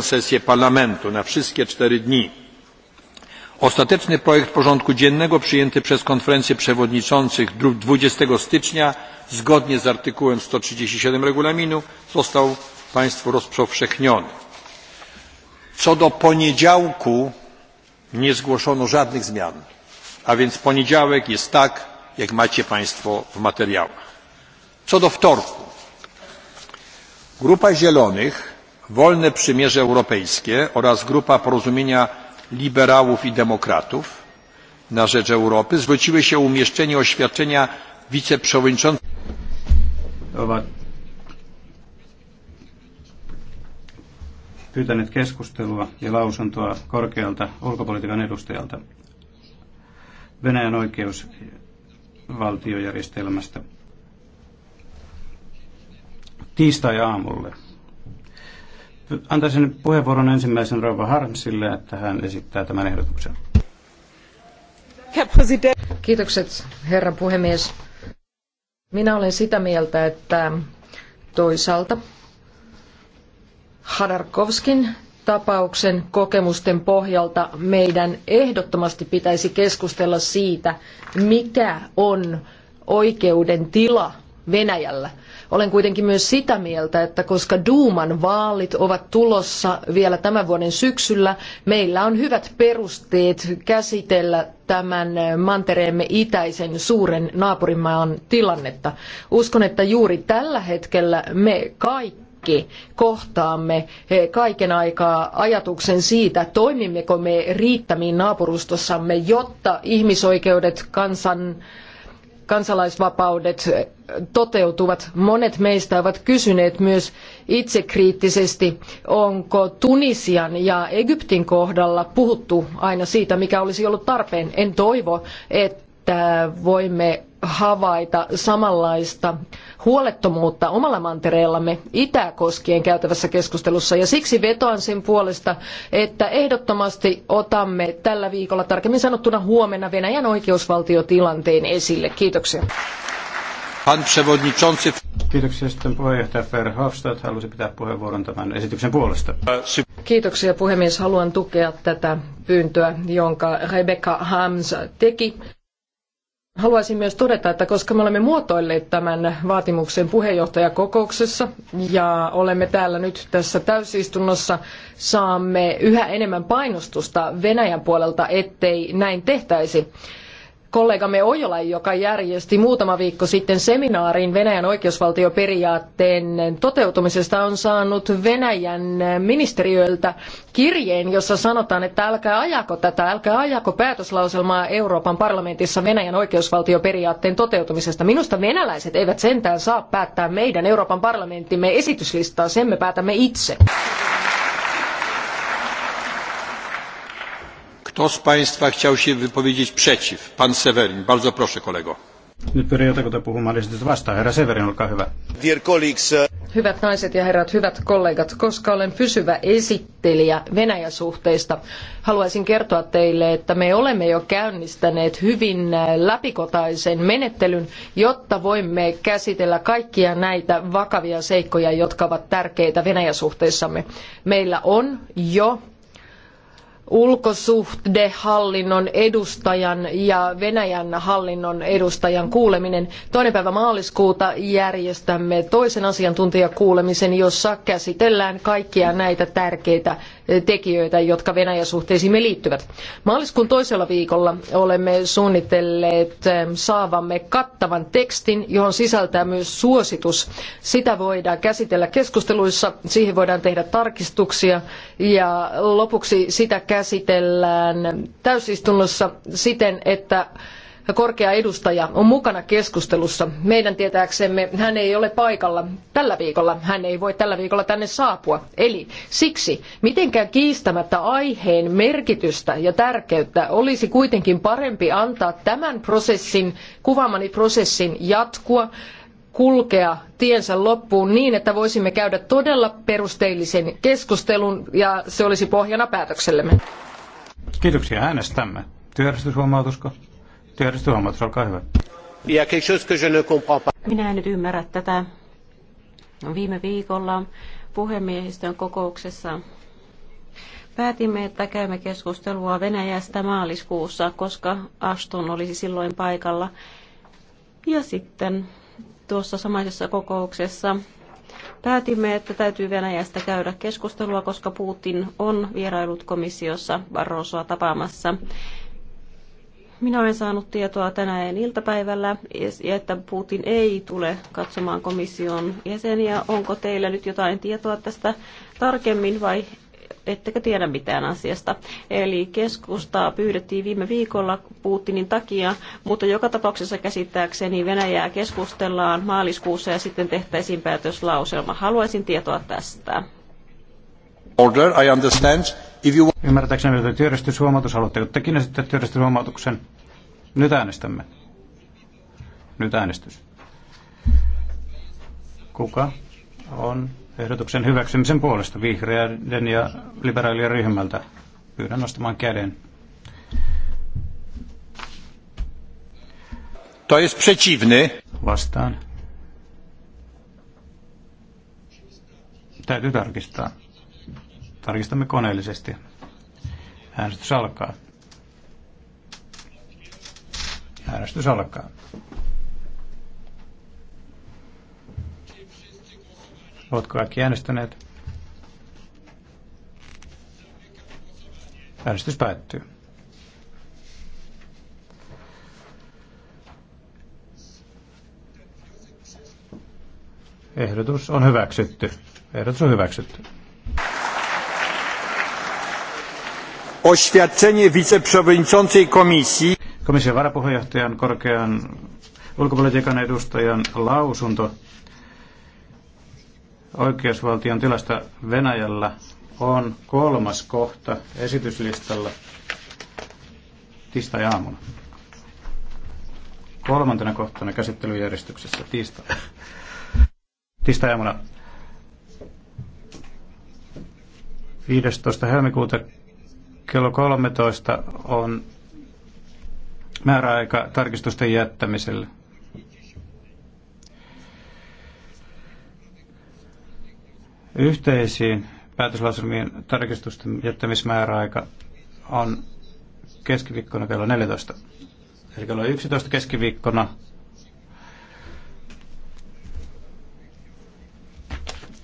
sesję parlamentu na wszystkie cztery dni. ostateczny projekt porządku dziennego przyjęty przez konferencję przewodniczących dwadzieścia stycznia zgodnie z artykułem sto trzydzieści siedem regulaminu został państwu rozpowszechniony. co do poniedziałku nie zgłoszono żadnych zmian a więc poniedziałek jest tak jak macie państwo w materiałach. co do wtorku grupa zielonych wolne przymierze europejskie oraz grupa porozumienia liberałów i demokratów na rzecz Europy zwróciły się o umieszczenie oświadczenia wiceprzewodniczącego ovat pyytäneet keskustelua ja lausuntoa korkealta ulkopolitiikan edustajalta Venäjän oikeusvaltiojärjestelmästä tiistai-aamulle antaisin puheenvuoron ensimmäisen Rova Harmsille, että hän esittää tämän ehdotuksen. Kiitokset, herra puhemies. Minä olen sitä mieltä, että toisaalta Hadarkovskin tapauksen kokemusten pohjalta meidän ehdottomasti pitäisi keskustella siitä, mikä on oikeuden tila Venäjällä. Olen kuitenkin myös sitä mieltä, että koska Duuman vaalit ovat tulossa vielä tämän vuoden syksyllä, meillä on hyvät perusteet käsitellä tämän mantereemme itäisen suuren naapurimaan tilannetta. Uskon, että juuri tällä hetkellä me kaikki kohtaamme eh, kaiken aikaa ajatuksen siitä, toimimmeko me riittämiin naapurustossamme, jotta ihmisoikeudet, kansan kansalaisvapaudet toteutuvat. Monet meistä ovat kysyneet myös itsekriittisesti, onko Tunisian ja Egyptin kohdalla puhuttu aina siitä, mikä olisi ollut tarpeen. En toivo, että voimme havaita samanlaista huolettomuutta omalla mantereellamme itää koskien käytävässä keskustelussa ja siksi vetoan sen puolesta, että ehdottomasti otamme tällä viikolla tarkemmin sanottuna huomenna Venäjän oikeusvaltiotilanteen esille. Kiitoksia. Pan Kiitoksia sitten puheenjohtaja Verhofstadt halusi pitää puheenvuoron tämän esityksen puolesta. Kiitoksia puhemies. Haluan tukea tätä pyyntöä, jonka Rebecca Hams teki. Haluaisin myös todeta, että koska me olemme muotoilleet tämän vaatimuksen puheenjohtajakokouksessa ja olemme täällä nyt tässä täysistunnossa, saamme yhä enemmän painostusta Venäjän puolelta, ettei näin tehtäisi kollegamme Ojola, joka järjesti muutama viikko sitten seminaarin Venäjän oikeusvaltioperiaatteen toteutumisesta, on saanut Venäjän ministeriöltä kirjeen, jossa sanotaan, että älkää ajako tätä, älkää ajako päätöslauselmaa Euroopan parlamentissa Venäjän oikeusvaltioperiaatteen toteutumisesta. Minusta venäläiset eivät sentään saa päättää meidän Euroopan parlamenttimme esityslistaa, sen me päätämme itse. Kto z Państwa chciał się wypowiedzieć przeciw? Pan Severin. Bardzo proszę, kolego. Uh, hyvät naiset ja herrat, hyvät kollegat, koska olen pysyvä esittelijä Venäjä-suhteista, haluaisin kertoa teille, että me olemme jo käynnistäneet hyvin äh, läpikotaisen menettelyn, jotta voimme käsitellä kaikkia näitä vakavia seikkoja, jotka ovat tärkeitä Venäjä-suhteissamme. Meillä on jo ulkosuhdehallinnon edustajan ja Venäjän hallinnon edustajan kuuleminen. Toinen päivä maaliskuuta järjestämme toisen asiantuntijakuulemisen, jossa käsitellään kaikkia näitä tärkeitä tekijöitä, jotka Venäjän suhteisiimme liittyvät. Maaliskuun toisella viikolla olemme suunnitelleet eh, saavamme kattavan tekstin, johon sisältää myös suositus. Sitä voidaan käsitellä keskusteluissa, siihen voidaan tehdä tarkistuksia ja lopuksi sitä käsitellään täysistunnossa siten, että korkea edustaja on mukana keskustelussa. Meidän tietääksemme hän ei ole paikalla tällä viikolla. Hän ei voi tällä viikolla tänne saapua. Eli siksi mitenkään kiistämättä aiheen merkitystä ja tärkeyttä olisi kuitenkin parempi antaa tämän prosessin, kuvaamani prosessin jatkua kulkea tiensä loppuun niin, että voisimme käydä todella perusteellisen keskustelun ja se olisi pohjana päätöksellemme. Kiitoksia äänestämme. Työjärjestyshuomautusko? Minä en nyt ymmärrä tätä. Viime viikolla puhemiehistön kokouksessa päätimme, että käymme keskustelua Venäjästä maaliskuussa, koska Aston olisi silloin paikalla. Ja sitten tuossa samaisessa kokouksessa päätimme, että täytyy Venäjästä käydä keskustelua, koska Putin on vierailut komissiossa Barrosoa tapaamassa. Minä olen saanut tietoa tänään iltapäivällä, että Putin ei tule katsomaan komission jäseniä. Onko teillä nyt jotain tietoa tästä tarkemmin vai ettekö tiedä mitään asiasta. Eli keskustaa pyydettiin viime viikolla Putinin takia, mutta joka tapauksessa käsittääkseni Venäjää keskustellaan maaliskuussa ja sitten tehtäisiin päätöslauselma. Haluaisin tietoa tästä. Order, I understand. If Ymmärtääkseni vielä työjärjestyshuomautus. Haluatteko tekin esittää työjärjestyshuomautuksen? Nyt äänestämme. Nyt äänestys. Kuka on ehdotuksen hyväksymisen puolesta vihreiden ja liberaalien ryhmältä? Pyydän nostamaan käden. To jest przeciwny. Vastaan. Täytyy tarkistaa. Tarkistamme koneellisesti. Äänestys alkaa. Äänestys alkaa. Oletko kaikki äänestäneet? Äänestys päättyy. Ehdotus on hyväksytty. Ehdotus on hyväksytty. Oświadczenie wiceprzewodniczącej komisji. Komission varapuheenjohtajan korkean ulkopolitiikan edustajan lausunto oikeusvaltion tilasta Venäjällä on kolmas kohta esityslistalla tiistai-aamuna. Kolmantena kohtana käsittelyjärjestyksessä tiistai. Tiistai-aamuna 15. helmikuuta kello 13 on määräaika tarkistusten jättämiselle. Yhteisiin päätöslausumien tarkistusten jättämismääräaika on keskiviikkona kello 14. Eli kello 11 keskiviikkona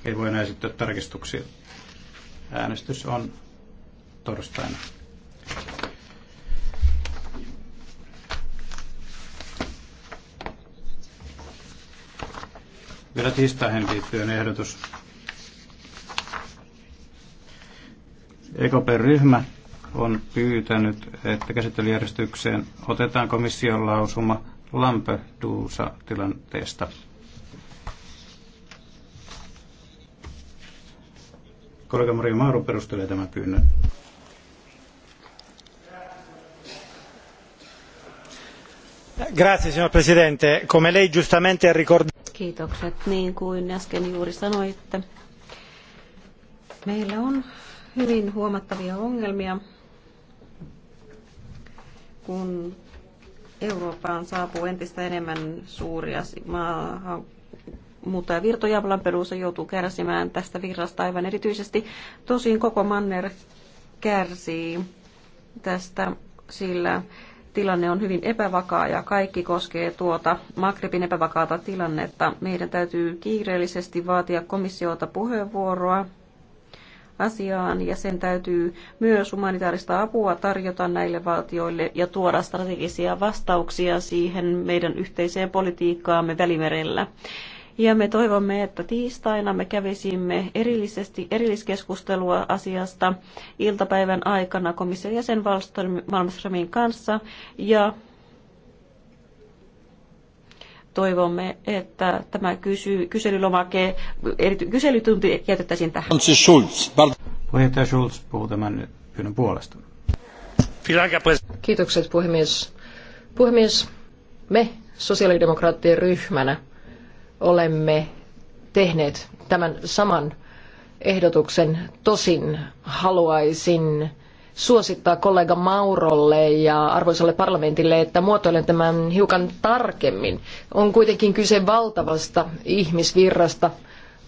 ei voi enää esittää tarkistuksia. Äänestys on torstaina. Vielä tiistaihin liittyen ehdotus. EKP-ryhmä on pyytänyt, että käsittelyjärjestykseen otetaan komission lausuma Lampedusa-tilanteesta. Kollega Maria Maaru perustelee tämän pyynnön. signor Presidente. Come lei giustamente ha ricordato... Kiitokset, niin kuin äsken juuri sanoitte. Meillä on hyvin huomattavia ongelmia, kun Eurooppaan saapuu entistä enemmän suuria maahan mutta virtoja Lampedusa joutuu kärsimään tästä virrasta aivan erityisesti. Tosin koko manner kärsii tästä, sillä tilanne on hyvin epävakaa ja kaikki koskee tuota Magrebin epävakaata tilannetta. Meidän täytyy kiireellisesti vaatia komissiota puheenvuoroa asiaan ja sen täytyy myös humanitaarista apua tarjota näille valtioille ja tuoda strategisia vastauksia siihen meidän yhteiseen politiikkaamme välimerellä. Ja me toivomme, että tiistaina me kävisimme erillisesti, erilliskeskustelua asiasta iltapäivän aikana komission jäsen Malmströmin kanssa ja toivomme, että tämä kysy, kyselylomake, erity, kyselytunti jätettäisiin tähän. Schulz. Puheenjohtaja Schulz puhuu tämän pyynnön puolesta. Kiitokset puhemies. Puhemies, me sosiaalidemokraattien ryhmänä olemme tehneet tämän saman ehdotuksen. Tosin haluaisin suosittaa kollega Maurolle ja arvoisalle parlamentille, että muotoilen tämän hiukan tarkemmin. On kuitenkin kyse valtavasta ihmisvirrasta,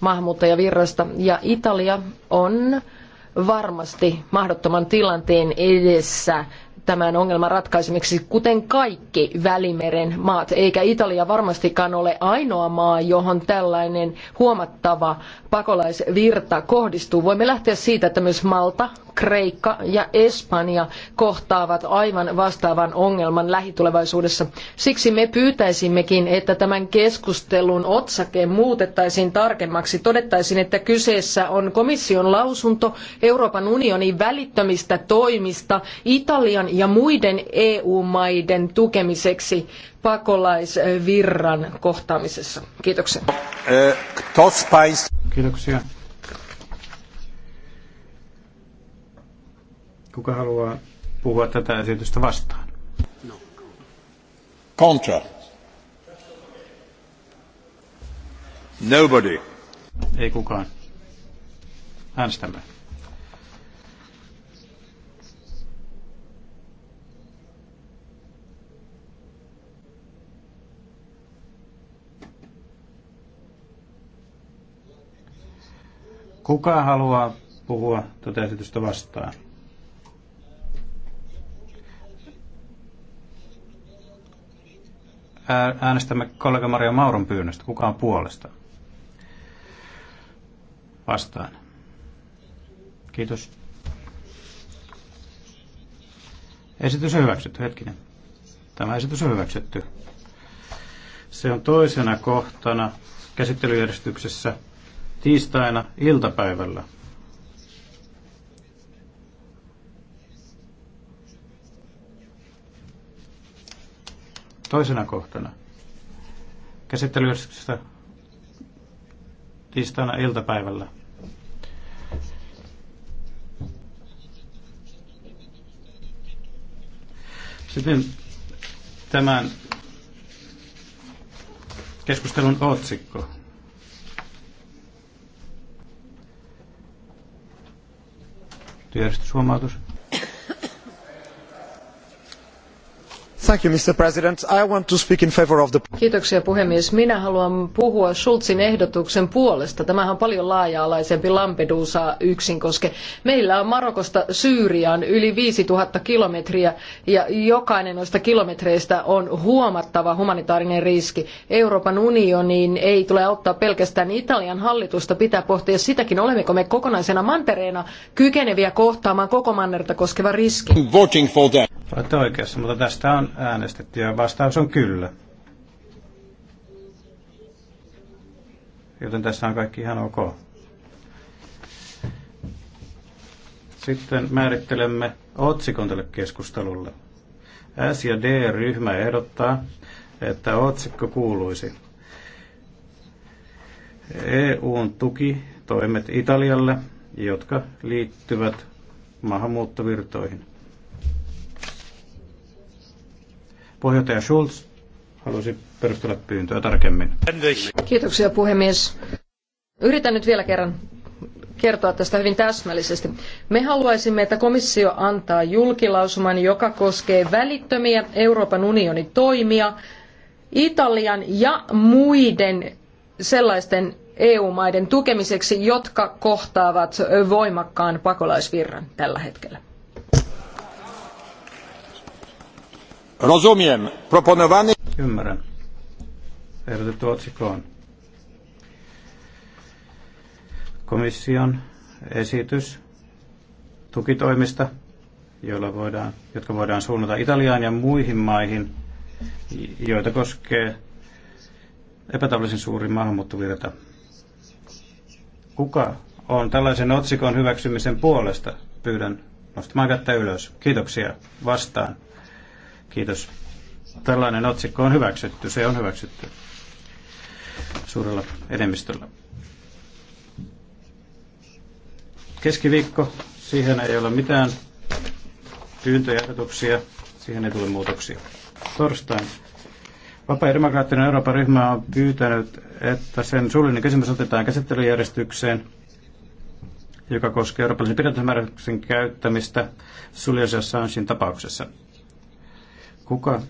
maahanmuuttajavirrasta, ja Italia on varmasti mahdottoman tilanteen edessä tämän ongelman ratkaisemiseksi, kuten kaikki Välimeren maat, eikä Italia varmastikaan ole ainoa maa, johon tällainen huomattava pakolaisvirta kohdistuu. Voimme lähteä siitä, että myös Malta, Kreikka ja Espanja kohtaavat aivan vastaavan ongelman lähitulevaisuudessa. Siksi me pyytäisimmekin, että tämän keskustelun otsake muutettaisiin tarkemmaksi. Todettaisiin, että kyseessä on komission lausunto Euroopan unionin välittömistä toimista Italian ja muiden EU-maiden tukemiseksi pakolaisvirran kohtaamisessa. Kiitoksia. Kiitoksia. Kuka haluaa puhua tätä esitystä vastaan? No. Contra. Nobody. Ei kukaan. Äänestämme. Kuka haluaa puhua tätä tuota esitystä vastaan? Äänestämme kollega Maria Mauron pyynnöstä. Kuka on puolesta? Vastaan. Kiitos. Esitys on hyväksytty. Hetkinen. Tämä esitys on hyväksytty. Se on toisena kohtana käsittelyjärjestyksessä tiistaina iltapäivällä. Toisena kohtana. Käsittelyjärjestyksestä tiistaina iltapäivällä. Sitten tämän keskustelun otsikko. Työjärjestyshuomautus. Kiitoksia puhemies. Minä haluan puhua Schulzin ehdotuksen puolesta. Tämähän on paljon laaja-alaisempi Lampedusa yksin, koske. meillä on Marokosta Syyriaan yli viisi tuhatta kilometriä ja jokainen noista kilometreistä on huomattava humanitaarinen riski. Euroopan unioniin ei tule auttaa pelkästään Italian hallitusta, pitää pohtia sitäkin, olemmeko me kokonaisena mantereena kykeneviä kohtaamaan koko mannerta koskeva riski. Olette oikeassa, mutta tästä on äänestetty ja vastaus on kyllä. Joten tässä on kaikki ihan ok. Sitten määrittelemme otsikon tälle keskustelulle. S- ja D-ryhmä ehdottaa, että otsikko kuuluisi EUn toimet Italialle, jotka liittyvät maahanmuuttovirtoihin. Puheenjohtaja Schulz halusi perustella pyyntöä tarkemmin. Kiitoksia puhemies. Yritän nyt vielä kerran kertoa tästä hyvin täsmällisesti. Me haluaisimme, että komissio antaa julkilausuman, joka koskee välittömiä Euroopan unionin toimia Italian ja muiden sellaisten EU-maiden tukemiseksi, jotka kohtaavat voimakkaan pakolaisvirran tällä hetkellä. Rozumiem. Proponowany... Ymmärrän. Ehdotettu otsikko komission esitys tukitoimista, joilla voidaan, jotka voidaan suunnata Italiaan ja muihin maihin, joita koskee epätavallisen suuri maahanmuuttovirta. Kuka on tällaisen otsikon hyväksymisen puolesta? Pyydän nostamaan kättä ylös. Kiitoksia. Vastaan. Kiitos. Tällainen otsikko on hyväksytty. Se on hyväksytty suurella enemmistöllä. Keskiviikko. Siihen ei ole mitään pyyntöjä ehdotuksia. Siihen ei tule muutoksia. Torstain. Vapaa- ja demokraattinen Euroopan ryhmä on pyytänyt, että sen suullinen kysymys otetaan käsittelyjärjestykseen joka koskee eurooppalaisen pidätysmääräyksen käyttämistä suljaisessa Sanchin tapauksessa. Kuka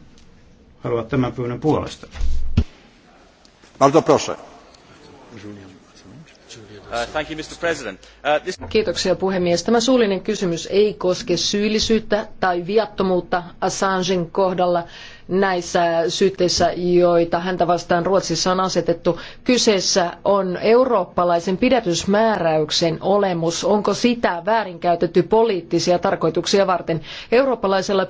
haluaa tämän pyynnön puolesta? Bardzo proszę. Uh, Kiitoksia puhemies. Tämä suullinen kysymys ei koske syyllisyyttä tai viattomuutta Assangen kohdalla näissä syytteissä, joita häntä vastaan Ruotsissa on asetettu. Kyseessä on eurooppalaisen pidätysmääräyksen olemus. Onko sitä väärinkäytetty poliittisia tarkoituksia varten? Eurooppalaisella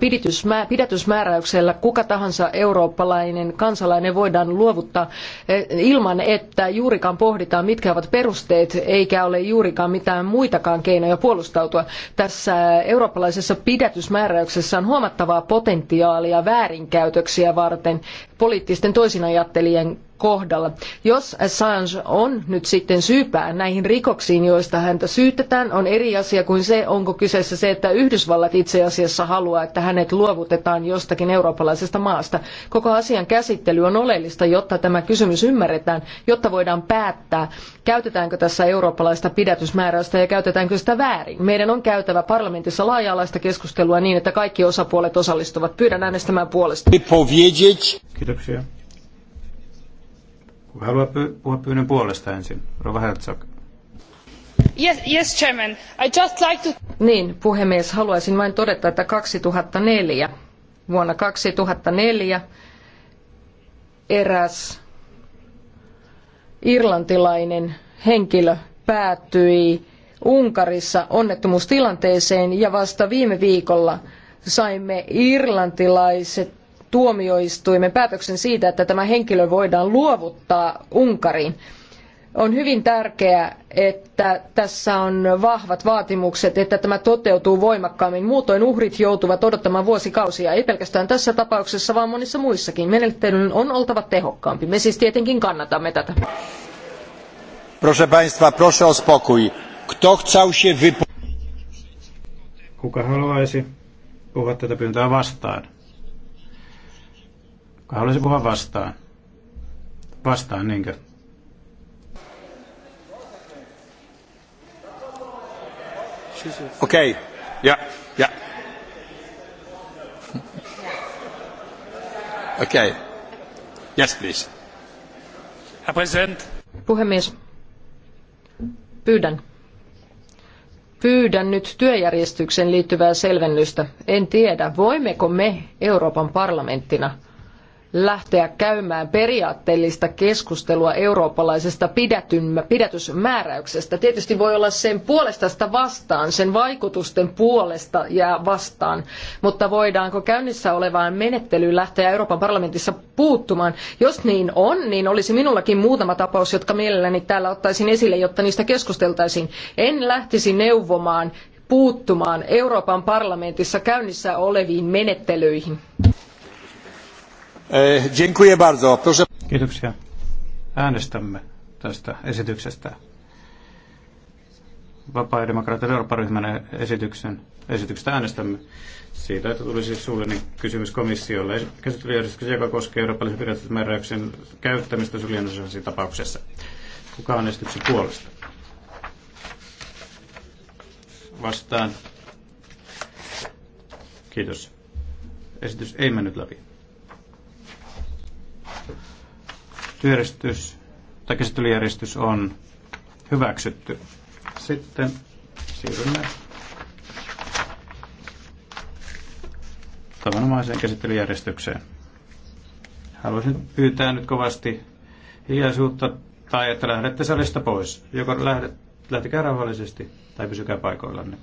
pidätysmääräyksellä kuka tahansa eurooppalainen kansalainen voidaan luovuttaa eh, ilman, että juurikaan pohditaan, mitkä ovat perusteet, eikä ole juurikaan mitään muitakaan keinoja puolustautua. Tässä eurooppalaisessa pidätysmääräyksessä on huomattavaa potentiaalia väärinkäyttöä väärinkäytöksiä varten poliittisten toisinajattelijien kohdalla. Jos Assange on nyt sitten syypää näihin rikoksiin, joista häntä syytetään, on eri asia kuin se, onko kyseessä se, että Yhdysvallat itse asiassa haluaa, että hänet luovutetaan jostakin eurooppalaisesta maasta. Koko asian käsittely on oleellista, jotta tämä kysymys ymmärretään, jotta voidaan päättää, käytetäänkö tässä eurooppalaista pidätysmääräystä ja käytetäänkö sitä väärin. Meidän on käytävä parlamentissa laaja-alaista keskustelua niin, että kaikki osapuolet osallistuvat. Pyydän äänestämään puolesta. Kiitoksia. Kuka haluaa py- puhua pyynnön puolesta ensin? Rova Herzog. Yes, yes, chairman. I just like to... Niin, puhemies, haluaisin vain todeta, että 2004, vuonna 2004 eräs irlantilainen henkilö päätyi Unkarissa onnettomuustilanteeseen ja vasta viime viikolla saimme irlantilaiset tuomioistuimen päätöksen siitä, että tämä henkilö voidaan luovuttaa Unkariin. On hyvin tärkeää, että tässä on vahvat vaatimukset, että tämä toteutuu voimakkaammin. Muutoin uhrit joutuvat odottamaan vuosikausia, ei pelkästään tässä tapauksessa, vaan monissa muissakin. Menettelyn on oltava tehokkaampi. Me siis tietenkin kannatamme tätä. Proszę Państwa, proszę o spokój. Kto chciał się wypowiedzieć? Kuka haluaisi puhua tätä pyyntöä vastaan? Kuka haluaisi puhua vastaan? Vastaan, niinkö? Okei, ja, ja. Okei. Yes, please. Herr President. Puhemies, pyydän. Pyydän nyt työjärjestykseen liittyvää selvennystä. En tiedä, voimmeko me Euroopan parlamenttina – lähteä käymään periaatteellista keskustelua eurooppalaisesta pidätysmääräyksestä. Tietysti voi olla sen puolesta sitä vastaan, sen vaikutusten puolesta ja vastaan, mutta voidaanko käynnissä olevaan menettelyyn lähteä Euroopan parlamentissa puuttumaan? Jos niin on, niin olisi minullakin muutama tapaus, jotka mielelläni täällä ottaisin esille, jotta niistä keskusteltaisiin. En lähtisi neuvomaan puuttumaan Euroopan parlamentissa käynnissä oleviin menettelyihin. E, Kiitoksia. Äänestämme tästä esityksestä. Vapaa- ja demokraattinen Eurooppa-ryhmän esityksen, esityksestä äänestämme siitä, että tulisi suullinen kysymys komissiolle käsittelyjärjestyksessä, joka koskee eurooppalaisen pidätysmääräyksen käyttämistä suljennosasi tapauksessa. Kuka on esityksen puolesta? Vastaan. Kiitos. Esitys ei mennyt läpi työjärjestys tai käsittelyjärjestys on hyväksytty. Sitten siirrymme tavanomaiseen käsittelyjärjestykseen. Haluaisin pyytää nyt kovasti hiljaisuutta tai että lähdette salista pois. Joko lähdet, lähtekää rauhallisesti tai pysykää paikoillanne.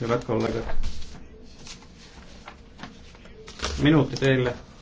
Hyvät kollegat. Minuutti teille.